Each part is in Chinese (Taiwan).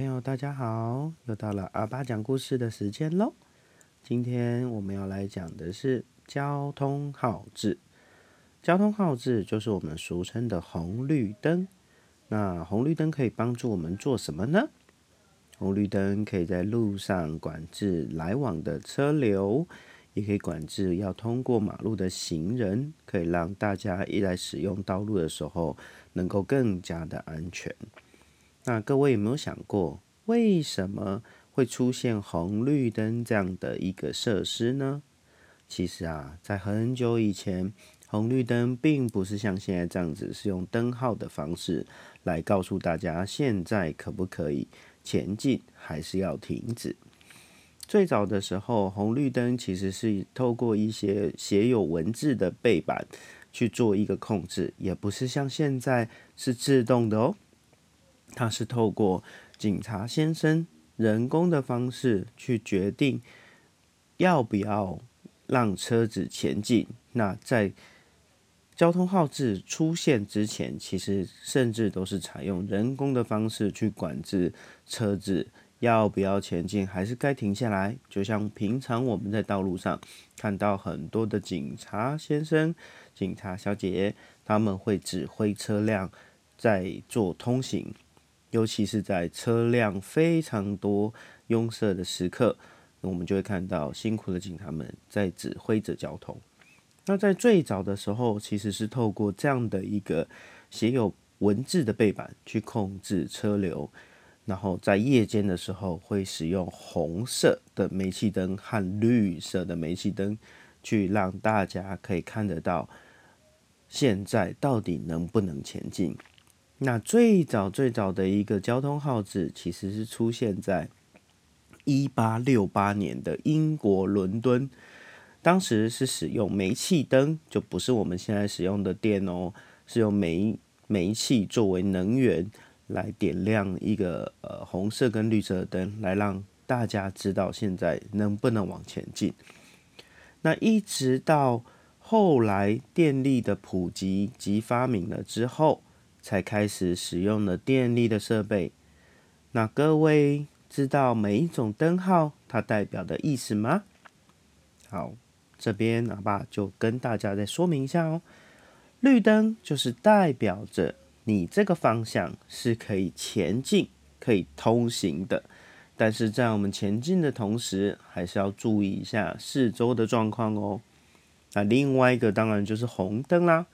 朋友，大家好，又到了阿巴講故事的時間嘍。今天我們要來講的是交通號誌。交通號誌就是我們俗稱的紅綠燈。那紅綠燈可以幫助我們做什麼呢？紅綠燈可以在路上管制來往的車流，也可以管制要通過馬路的行人，可以讓大家一來使用道路的時候能夠更加的安全。那各位有沒有想過，為什麼會出現紅綠燈這樣的一個設施呢？其實啊，在很久以前，紅綠燈並不是像現在這樣子，是用燈號的方式來告訴大家現在可不可以前進，還是要停止。最早的時候，紅綠燈其實是透過一些寫有文字的背板去做一個控制，也不是像現在是自動的哦。它是透過警察先生人工的方式去決定，要不要讓車子前進。那在交通號誌出現之前，其實甚至都是採用人工的方式去管制車子要不要前進，還是該停下來。就像平常我們在道路上看到很多的警察先生、警察小姐，他們會指揮車輛在做通行。尤其是在車輛非常多、擁塞的時刻，那我們就會看到辛苦的警察們在指揮着交通。那在最早的時候，其實是透過這樣的一個寫有文字的背板去控制車流，然後在夜間的時候會使用紅色的煤氣燈和綠色的煤氣燈，去讓大家可以看得到現在到底能不能前進。那最早最早的一個交通號誌其實是出現在一八六八年的英國倫敦，當時是使用煤氣燈，就不是我們現在使用的電哦，是用煤煤氣作為能源來點亮一個呃紅色跟綠色的燈，來讓大家知道現在能不能往前進。那一直到後來電力的普及及發明了之後。才開始使用了電力的設備。那各位知道每一種燈號它代表的意思嗎？好，這邊老爸就跟大家再說明一下哦。綠燈就是代表着你這個方向是可以前進、可以通行的。但是在我們前進的同時，還是要注意一下四周的狀況哦。那另外一個當然就是紅燈啦、啊。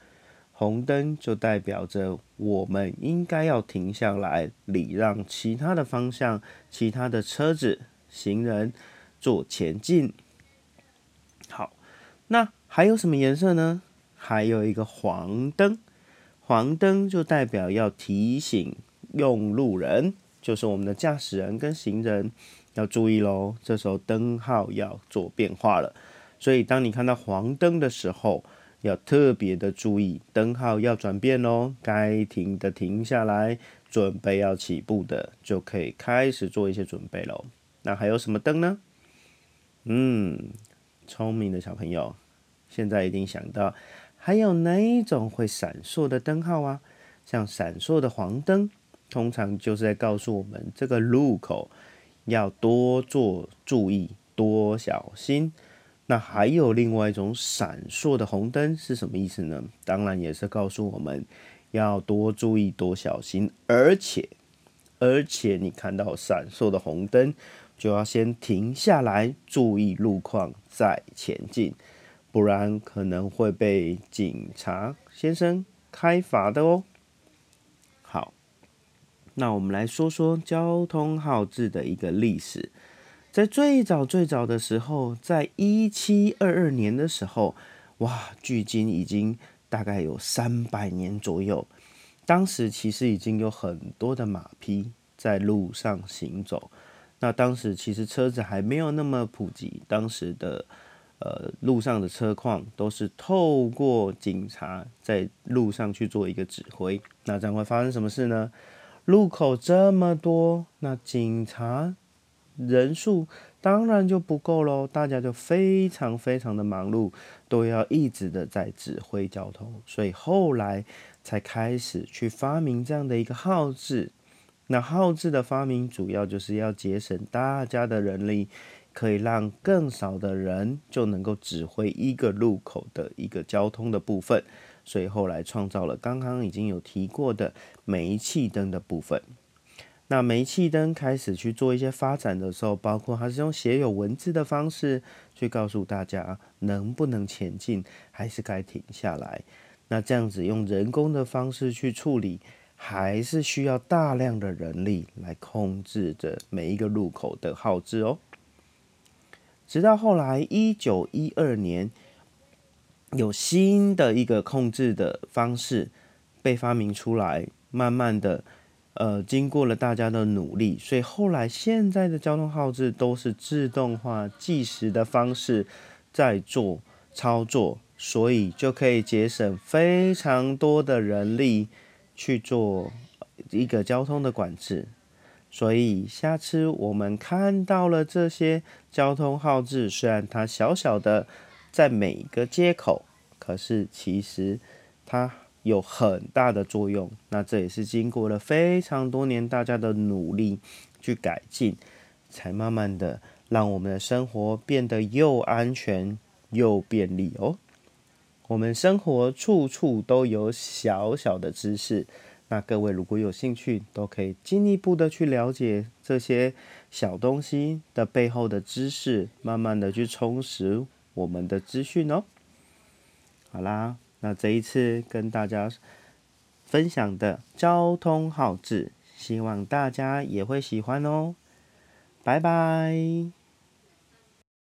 紅燈就代表着我們應該要停下來，禮讓其他的方向、其他的車子、行人做前進。好，那還有什麼顏色呢？還有一個黃燈，黃燈就代表要提醒用路人，就是我們的駕駛人跟行人要注意嘍。這時候燈號要做變化了，所以當你看到黃燈的時候。要特別的注意，燈號要轉變哦。該停的停下來，準備要起步的就可以開始做一些準備嘍。那還有什麼燈呢？嗯，聰明的小朋友，現在一定想到，還有哪一種會閃爍的燈號啊？像閃爍的黃燈，通常就是在告訴我們這個路口要多做注意，多小心。那還有另外一種閃爍的紅燈是什麼意思呢？當然也是告訴我們要多注意、多小心，而且而且你看到閃爍的紅燈，就要先停下來，注意路況再前進，不然可能會被警察先生開罰的哦、喔。好，那我們來說說交通號志的一個歷史。在最早最早的時候，在一七二二年的時候，哇，距今已經大概有三百年左右。當時其實已經有很多的馬匹在路上行走，那當時其實車子還沒有那麼普及。當時的呃路上的車況都是透過警察在路上去做一個指揮，那這樣會發生什麼事呢？路口這麼多，那警察。人數當然就不夠嘍，大家就非常非常的忙碌，都要一直的在指揮交通，所以後來才開始去發明這樣的一個號誌。那號誌的發明主要就是要節省大家的人力，可以讓更少的人就能夠指揮一個路口的一個交通的部分。所以後來創造了剛剛已經有提過的煤氣燈的部分。那煤氣燈開始去做一些發展的時候，包括它是用寫有文字的方式去告訴大家能不能前進，還是該停下來。那這樣子用人工的方式去處理，還是需要大量的人力來控制着每一個路口的號誌哦。直到後來，一九一二年，有新的一個控制的方式被發明出來，慢慢的。呃，經過了大家的努力，所以後來現在的交通號誌都是自動化計時的方式在做操作，所以就可以節省非常多的人力去做一個交通的管制。所以下次我們看到了這些交通號誌，雖然它小小的在每一個街口，可是其實它。有很大的作用，那這也是經過了非常多年大家的努力去改進，才慢慢的讓我們的生活變得又安全又便利哦。我們生活處處都有小小的知識，那各位如果有興趣，都可以進一步的去了解這些小東西的背後的知識，慢慢的去充實我們的資訊哦。好啦。那這一次跟大家分享的交通號誌，希望大家也會喜歡哦，拜拜。